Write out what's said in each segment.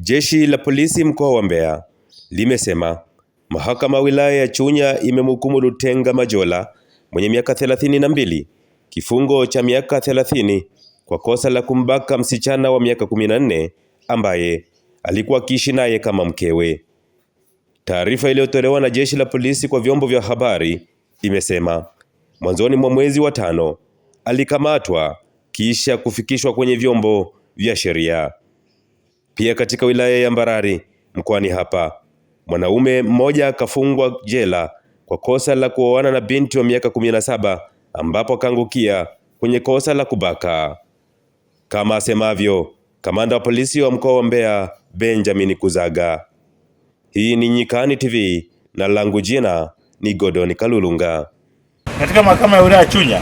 Jeshi la polisi mkoa wa Mbeya limesema mahakama wilaya ya Chunya imemhukumu Lutenga Majola mwenye miaka thelathini na mbili kifungo cha miaka thelathini kwa kosa la kumbaka msichana wa miaka kumi na nne ambaye alikuwa akiishi naye kama mkewe. Taarifa iliyotolewa na jeshi la polisi kwa vyombo vya habari imesema mwanzoni mwa mwezi wa tano alikamatwa kisha kufikishwa kwenye vyombo vya sheria pia katika wilaya ya mbarari mkoani hapa. Mwanaume mmoja akafungwa jela kwa kosa la kuoana na binti wa miaka kumi na saba ambapo akaangukia kwenye kosa la kubaka, kama asemavyo kamanda wa polisi wa mkoa wa Mbeya Benjamin Kuzaga. Hii ni Nyikani TV na langu jina ni Godoni Kalulunga. Katika mahakama ya wilaya Chunya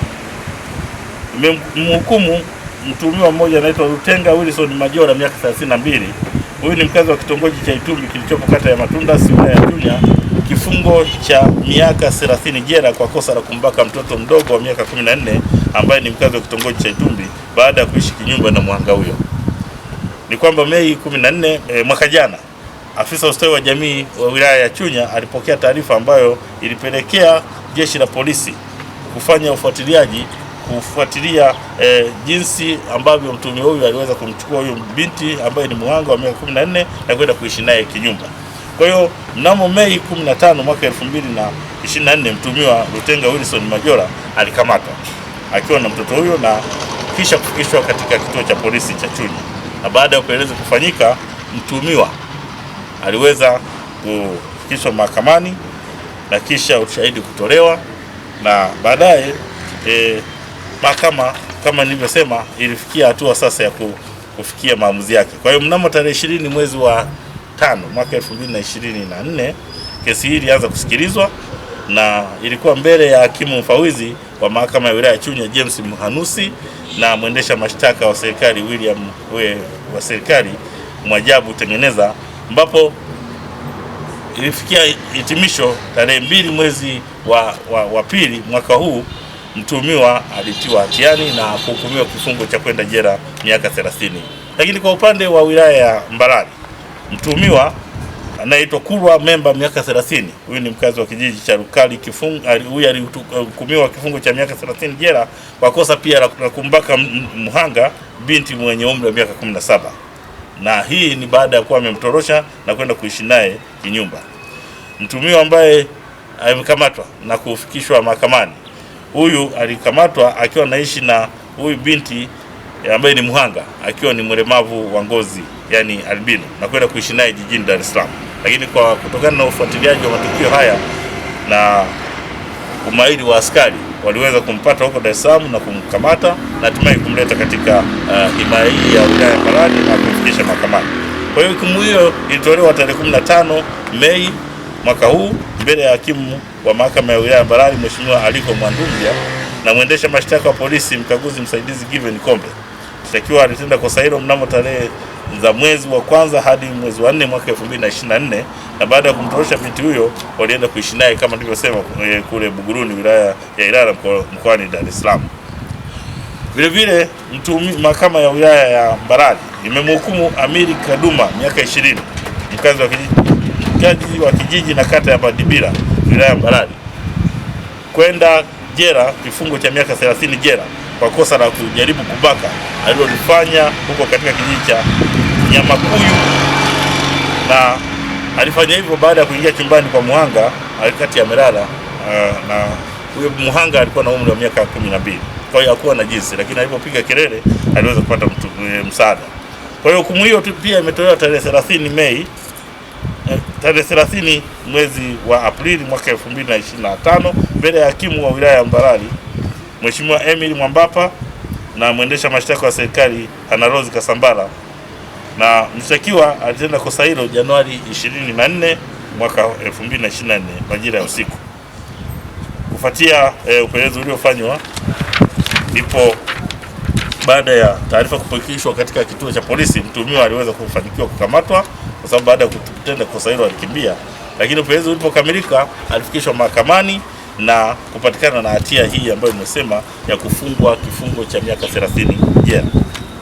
imemhukumu mtuhumiwa mmoja anaitwa Rutenga Wilson Majora miaka 32. Huyu ni mkazi wa kitongoji cha Itumbi kilichopo kata ya Matunda, wilaya ya Chunya kifungo cha miaka 30 jela kwa kosa la kumbaka mtoto mdogo wa miaka 14 ambaye ni mkazi wa kitongoji cha Itumbi baada ya kuishi kinyumba na mwanga huyo. Ni kwamba Mei 14 e, eh, mwaka jana afisa ustawi wa jamii wa wilaya ya Chunya alipokea taarifa ambayo ilipelekea jeshi la polisi kufanya ufuatiliaji kufuatilia e, eh, jinsi ambavyo mtuhumiwa huyu aliweza kumchukua huyu binti ambaye ni muhanga wa miaka 14 na kwenda kuishi naye kinyumba. Kwa hiyo mnamo Mei 15 mwaka 2024 mtuhumiwa Lutenga Wilson Majora alikamatwa akiwa na mtoto huyo na kisha kufikishwa katika kituo cha polisi cha Chunya, na baada ya upelelezi kufanyika mtuhumiwa aliweza kufikishwa mahakamani na kisha ushahidi kutolewa na baadaye eh, mahakama kama nilivyosema ilifikia hatua sasa ya kufikia maamuzi yake. Kwa hiyo mnamo tarehe ishirini mwezi wa tano mwaka 2024 kesi hii ilianza kusikilizwa na ilikuwa mbele ya hakimu mfawizi wa mahakama ya wilaya Chunya James Mhanusi na mwendesha mashtaka wa serikali William we, wa serikali Mwajabu Tengeneza, ambapo ilifikia hitimisho tarehe mbili mwezi wa, wa, wa pili mwaka huu mtuhumiwa alitiwa hatiani na kuhukumiwa kifungo cha kwenda jela miaka 30. Lakini kwa upande wa wilaya ya Mbarali, mtuhumiwa anaitwa Kurwa Memba, miaka 30. Huyu ni mkazi wa kijiji cha Rukali. Huyu alihukumiwa kifungo cha miaka 30 jela kwa kosa pia la kumbaka mhanga binti mwenye umri wa miaka 17, na hii ni baada ya kuwa amemtorosha na kwenda kuishi naye kinyumba. Mtuhumiwa ambaye amekamatwa na kufikishwa mahakamani huyu alikamatwa akiwa anaishi na huyu binti eh, ambaye ni mhanga akiwa ni mlemavu wa ngozi yani albino na kwenda kuishi naye jijini Dar es Salaam. Lakini kwa kutokana na ufuatiliaji wa matukio haya na umahiri wa askari waliweza kumpata huko Dar es Salaam na kumkamata na hatimaye kumleta katika uh, himaya hii ya wilaya ya Mbarali na kumfikisha mahakamani. Kwa hiyo hukumu hiyo ilitolewa tarehe 15 Mei mwaka huu mbele ya hakimu wa mahakama ya wilaya Mbarali Mheshimiwa Aliko Mwandumbia na mwendesha mashtaka wa polisi mkaguzi msaidizi Given Kombe, mshtakiwa alitenda kosa hilo mnamo tarehe za mwezi wa kwanza hadi mwezi wa nne mwaka 2024 na baada ya kumtorosha binti huyo walienda kuishi naye kama nilivyosema eh, kule Buguruni wilaya ya Ilala mkoani Dar es Salaam. Vilevile mahakama ya wilaya ya Mbarali imemhukumu Amiri Kaduma miaka 20 mkazi wa kijiji, mkazi wa kijiji na kata ya Badibira wilaya Mbarali kwenda jela kifungo cha miaka 30 jela kwa kosa la kujaribu kubaka alilolifanya huko katika kijiji cha Nyamakuyu, na alifanya hivyo baada ya kuingia chumbani kwa muhanga alikati amelala, uh, na huyo muhanga alikuwa na umri wa miaka kumi na mbili. Kwa hiyo hakuwa na jinsi, lakini alipopiga kelele aliweza kupata eh, msaada. Kwa hiyo hukumu hiyo pia imetolewa tarehe 30 Mei tarehe 30 mwezi wa Aprili mwaka 2025 mbele ya hakimu wa wilaya ya Mbarali Mheshimiwa Emil Mwambapa na mwendesha mashtaka wa serikali Ana Rose Kasambala, na mshtakiwa alitenda kosa hilo Januari 24 mwaka 2024 majira ya usiku. Kufuatia e, upelelezi uliofanywa ndipo baada ya taarifa kupokelewa katika kituo cha polisi, mtuhumiwa aliweza kufanikiwa kukamatwa kwa sababu baada ya kutenda kosa hilo alikimbia, lakini upelelezi ulipokamilika alifikishwa mahakamani na kupatikana na hatia hii ambayo imesema ya kufungwa kifungo cha miaka 30 jela.